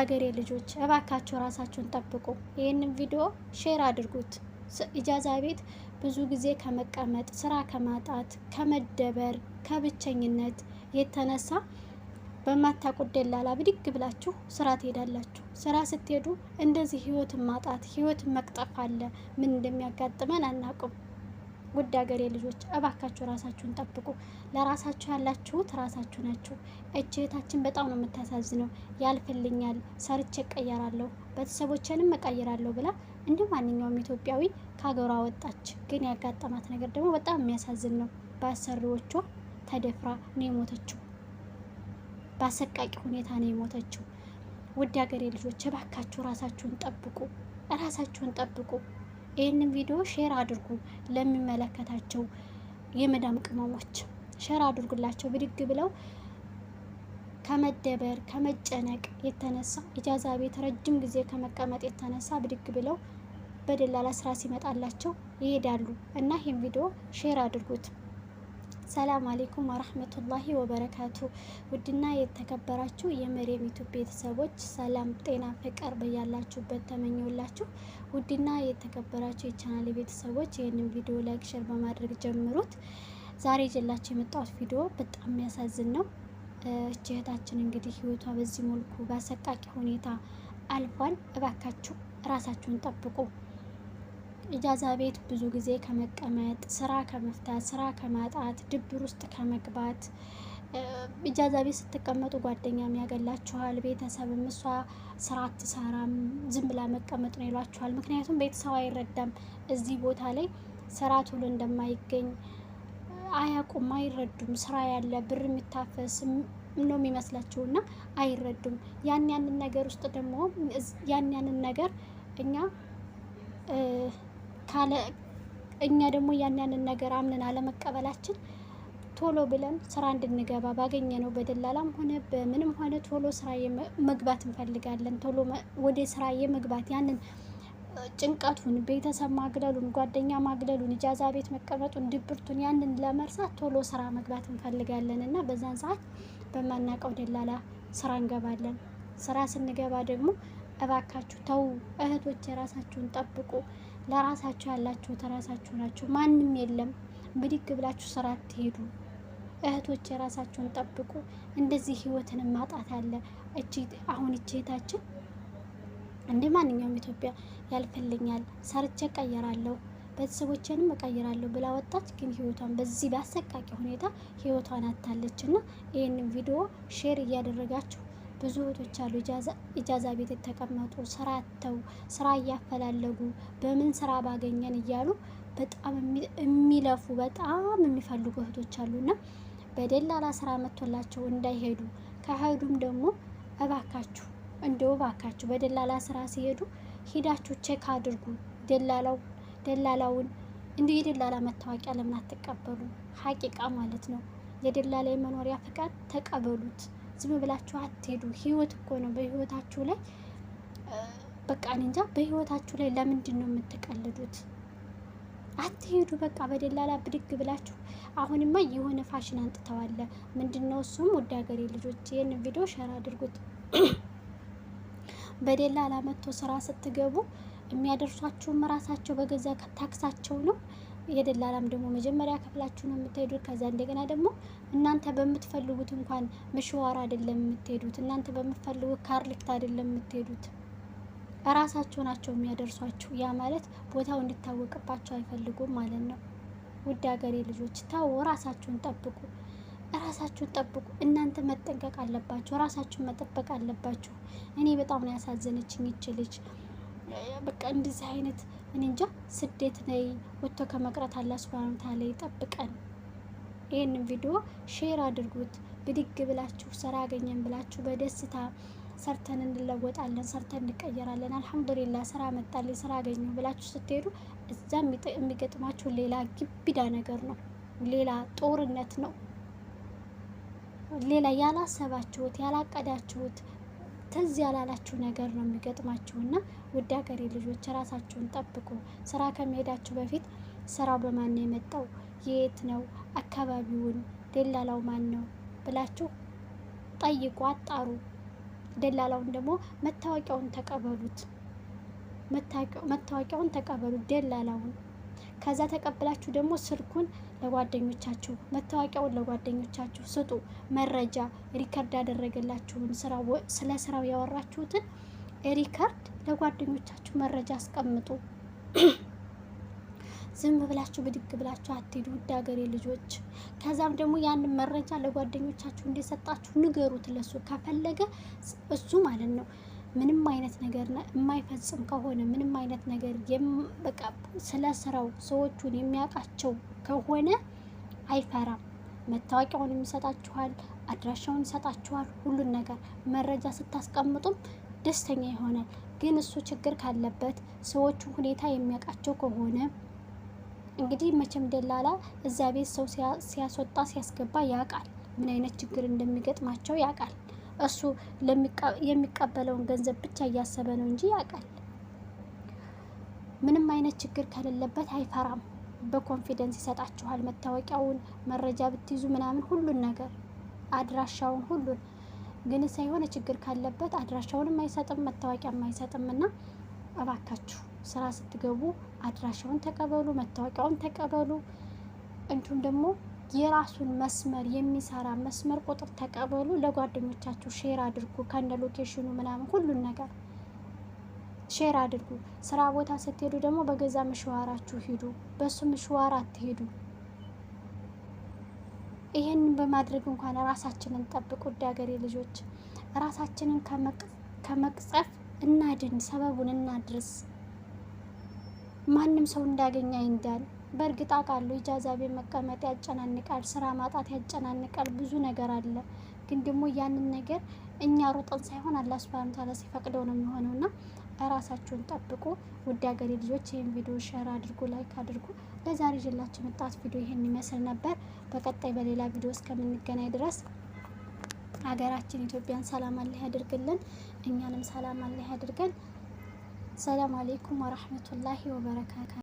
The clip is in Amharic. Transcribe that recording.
ሀገሬ ልጆች እባካችሁ ራሳችሁን ጠብቁ። ይህንን ቪዲዮ ሼር አድርጉት። ኢጃዛ ቤት ብዙ ጊዜ ከመቀመጥ ስራ ከማጣት ከመደበር ከብቸኝነት የተነሳ በማታውቁት ደላላ ብድግ ብላችሁ ስራ ትሄዳላችሁ። ስራ ስትሄዱ እንደዚህ ህይወትን ማጣት ህይወትን መቅጠፍ አለ። ምን እንደሚያጋጥመን አናውቅም። ውድ ሀገሬ ልጆች እባካችሁ ራሳችሁን ጠብቁ። ለራሳችሁ ያላችሁት ራሳችሁ ናችሁ። እህታችን በጣም ነው የምታሳዝነው። ያልፍልኛል፣ ሰርቼ እቀየራለሁ፣ ቤተሰቦቼንም እቀይራለሁ ብላ እንደ ማንኛውም ኢትዮጵያዊ ከሀገሯ ወጣች። ግን ያጋጠማት ነገር ደግሞ በጣም የሚያሳዝን ነው። በአሰሪዎቿ ተደፍራ ነው የሞተችው። በአሰቃቂ ሁኔታ ነው የሞተችው። ውድ ሀገሬ ልጆች እባካችሁ ራሳችሁን ጠብቁ። ራሳችሁን ጠብቁ። ይህንን ቪዲዮ ሼር አድርጉ ለሚመለከታቸው የመዳም ቅመሞች ሼር አድርጉላቸው። ብድግ ብለው ከመደበር ከመጨነቅ የተነሳ እጃዛ ቤት ረጅም ጊዜ ከመቀመጥ የተነሳ ብድግ ብለው በደላላ ስራ ሲመጣላቸው ይሄዳሉ እና ይህን ቪዲዮ ሼር አድርጉት። ሰላም አሌይኩም ወራህመቱላሂ ወበረካቱ። ውድና የተከበራችሁ የመሪም ዩቱብ ቤተሰቦች ሰላም፣ ጤና፣ ፍቅር በያላችሁበት ተመኘውላችሁ። ውድና የተከበራችሁ የቻናል ቤተሰቦች ይህንን ቪዲዮ ላይክ፣ ሸር በማድረግ ጀምሩት። ዛሬ ይዤላችሁ የመጣሁት ቪዲዮ በጣም የሚያሳዝን ነው። እች እህታችን እንግዲህ ህይወቷ በዚህ መልኩ በአሰቃቂ ሁኔታ አልፏል። እባካችሁ ራሳችሁን ጠብቁ። ኢጃዛ ቤት ብዙ ጊዜ ከመቀመጥ ስራ ከመፍታት ስራ ከማጣት ድብር ውስጥ ከመግባት ኢጃዛ ቤት ስትቀመጡ ጓደኛም ያገላችኋል። ቤተሰብም እሷ ስራ አትሰራም ዝም ብላ መቀመጥ ነው ይሏችኋል። ምክንያቱም ቤተሰብ አይረዳም። እዚህ ቦታ ላይ ስራ ቶሎ እንደማይገኝ አያውቁም፣ አይረዱም። ስራ ያለ ብር የሚታፈስ ነው የሚመስላቸው እና አይረዱም። ያን ያንን ነገር ውስጥ ደግሞ ያን ያንን ነገር እኛ ካለ እኛ ደግሞ ያን ያንን ነገር አምነን አለመቀበላችን ቶሎ ብለን ስራ እንድንገባ ባገኘ ነው። በደላላም ሆነ በምንም ሆነ ቶሎ ስራ መግባት እንፈልጋለን። ቶሎ ወደ ስራ የመግባት ያንን ጭንቀቱን፣ ቤተሰብ ማግለሉን፣ ጓደኛ ማግለሉን፣ እጃዛ ቤት መቀመጡን፣ ድብርቱን ያንን ለመርሳት ቶሎ ስራ መግባት እንፈልጋለን እና በዛን ሰዓት በማናቀው ደላላ ስራ እንገባለን። ስራ ስንገባ ደግሞ እባካችሁ ተዉ እህቶች፣ የራሳችሁን ጠብቁ። ለራሳችሁ ያላቸው ራሳችሁ ናችሁ። ማንም የለም። ብድግ ብላችሁ ስራ አትሄዱ። እህቶች የራሳችሁን ጠብቁ። እንደዚህ ህይወትን ማጣት አለ። እጅ አሁን እች እንደ ማንኛውም ኢትዮጵያ ያልፈልኛል፣ ሰርቼ ቀየራለሁ ቤተሰቦቼንም እቀይራለሁ ብላ ወጣች። ግን ህይወቷን በዚህ በአሰቃቂ ሁኔታ ህይወቷን አታለች እና ይህንን ቪዲዮ ሼር እያደረጋችሁ ብዙ እህቶች አሉ ኢጃዛ ቤት የተቀመጡ ስራ አጥተው ስራ እያፈላለጉ በምን ስራ ባገኘን እያሉ በጣም የሚለፉ በጣም የሚፈልጉ እህቶች አሉና በደላላ ስራ መጥቶላቸው እንዳይሄዱ ከሄዱም ደግሞ እባካችሁ እንደው እባካችሁ በደላላ ስራ ሲሄዱ ሂዳችሁ ቼክ አድርጉ። ደላላው ደላላውን እንዲሁ የደላላ መታወቂያ ለምን አትቀበሉ? ሀቂቃ ማለት ነው። የደላላ የመኖሪያ ፍቃድ ተቀበሉት። ዝም ብላችሁ አትሄዱ። ህይወት እኮ ነው። በህይወታችሁ ላይ በቃ እንጃ፣ በህይወታችሁ ላይ ለምንድን ነው የምትቀልዱት? አትሄዱ። በቃ በደላላ ብድግ ብላችሁ አሁንማ የሆነ ፋሽን አንጥተዋለ። ምንድን ነው እሱም? ውድ ሀገሬ ልጆች ይህን ቪዲዮ ሸር አድርጉት። በደላላ መጥቶ ስራ ስትገቡ የሚያደርሷችሁም ራሳቸው በገዛ ታክሳቸው ነው። የደላላም ደግሞ መጀመሪያ ከፍላችሁ ነው የምትሄዱት። ከዛ እንደገና ደግሞ እናንተ በምትፈልጉት እንኳን መሸዋር አይደለም የምትሄዱት። እናንተ በምትፈልጉት ካርልክት አይደለም የምትሄዱት። እራሳቸው ናቸው የሚያደርሷችሁ። ያ ማለት ቦታው እንዲታወቅባቸው አይፈልጉም ማለት ነው። ውድ ሀገሬ ልጆች ታው ራሳችሁን ጠብቁ፣ ራሳችሁን ጠብቁ። እናንተ መጠንቀቅ አለባችሁ፣ ራሳችሁን መጠበቅ አለባችሁ። እኔ በጣም ነው ያሳዘነችኝ ይች ልጅ። በቃ እንደዚህ አይነት እኔ እንጃ ስደት ነይ ወጥቶ ከመቅረት አላ ስብን ታላ ይጠብቀን። ይህንን ቪዲዮ ሼር አድርጉት። ብድግ ብላችሁ ስራ አገኘን ብላችሁ በደስታ ሰርተን እንለወጣለን፣ ሰርተን እንቀየራለን፣ አልሐምዱሊላ ስራ መጣልኝ፣ ስራ አገኘሁ ብላችሁ ስትሄዱ እዛ የሚገጥማችሁ ሌላ ግቢዳ ነገር ነው፣ ሌላ ጦርነት ነው፣ ሌላ ያላሰባችሁት ያላቀዳችሁት ትዝ ያላላችሁ ነገር ነው የሚገጥማችሁና ውድ ሀገሬ ልጆች ራሳችሁን ጠብቁ። ስራ ከመሄዳችሁ በፊት ስራው በማን ነው የመጣው፣ የት ነው፣ አካባቢውን ደላላው ማን ነው ብላችሁ ጠይቁ፣ አጣሩ። ደላላውን ደግሞ መታወቂያውን ተቀበሉት። መታወቂያውን ተቀበሉት ደላላውን ከዛ ተቀብላችሁ ደግሞ ስልኩን ለጓደኞቻችሁ መታወቂያውን ለጓደኞቻችሁ ስጡ። መረጃ ሪከርድ ያደረገላችሁን ስለ ስራው ያወራችሁትን ሪከርድ ለጓደኞቻችሁ መረጃ አስቀምጡ። ዝም ብላችሁ ብድግ ብላችሁ አትሄዱ፣ ውድ ሀገሬ ልጆች። ከዛም ደግሞ ያንን መረጃ ለጓደኞቻችሁ እንደሰጣችሁ ንገሩት። ለሱ ከፈለገ እሱ ማለት ነው ምንም አይነት ነገር የማይፈጽም ከሆነ ምንም አይነት ነገር በቃ ስለ ስራው ሰዎቹን የሚያውቃቸው ከሆነ አይፈራም። መታወቂያውን ይሰጣችኋል፣ አድራሻውን ይሰጣችኋል፣ ሁሉን ነገር መረጃ ስታስቀምጡም ደስተኛ ይሆናል። ግን እሱ ችግር ካለበት ሰዎቹ ሁኔታ የሚያውቃቸው ከሆነ እንግዲህ መቼም ደላላ እዚያ ቤት ሰው ሲያስወጣ ሲያስገባ ያውቃል፣ ምን አይነት ችግር እንደሚገጥማቸው ያውቃል። እሱ የሚቀበለውን ገንዘብ ብቻ እያሰበ ነው እንጂ ያውቃል። ምንም አይነት ችግር ከሌለበት አይፈራም። በኮንፊደንስ ይሰጣችኋል። መታወቂያውን፣ መረጃ ብትይዙ ምናምን ሁሉን ነገር አድራሻውን፣ ሁሉን ግን ሳይሆን ችግር ካለበት አድራሻውንም አይሰጥም መታወቂያም አይሰጥም። እና እባካችሁ ስራ ስትገቡ አድራሻውን ተቀበሉ፣ መታወቂያውን ተቀበሉ እንዲሁም ደግሞ የራሱን መስመር የሚሰራ መስመር ቁጥር ተቀበሉ፣ ለጓደኞቻችሁ ሼር አድርጉ፣ ከእንደ ሎኬሽኑ ምናምን ሁሉን ነገር ሼር አድርጉ። ስራ ቦታ ስትሄዱ ደግሞ በገዛ ምሽዋራችሁ ሂዱ፣ በሱ ምሽዋር አትሄዱ። ይህንን በማድረግ እንኳን ራሳችንን ጠብቁ። ውድ ሀገሬ ልጆች ራሳችንን ከመቅጸፍ እናድን፣ ሰበቡን እናድርስ። ማንም ሰው እንዳገኘ ይንዳል። በእርግጥ አውቃለሁ ኢጃዛ ቤት መቀመጥ ያጨናንቃል፣ ስራ ማጣት ያጨናንቃል፣ ብዙ ነገር አለ። ግን ደግሞ ያንን ነገር እኛ ሮጠን ሳይሆን አላህ ሱብሃነሁ ወተዓላ ሲፈቅደው ነው የሚሆነውና ራሳችሁን ጠብቁ። ውድ ሀገሬ ልጆች ይህን ቪዲዮ ሼር አድርጉ፣ ላይክ አድርጉ። ለዛሬ ጀላችሁ መጣት ቪዲዮ ይህን ይመስል ነበር። በቀጣይ በሌላ ቪዲዮ እስከምንገናኝ ድረስ ሀገራችን ኢትዮጵያን ሰላም አላህ ያድርግልን፣ እኛንም ሰላም አላህ ያድርገን። ሰላም አሌይኩም ወራህመቱላሂ ወበረካቱ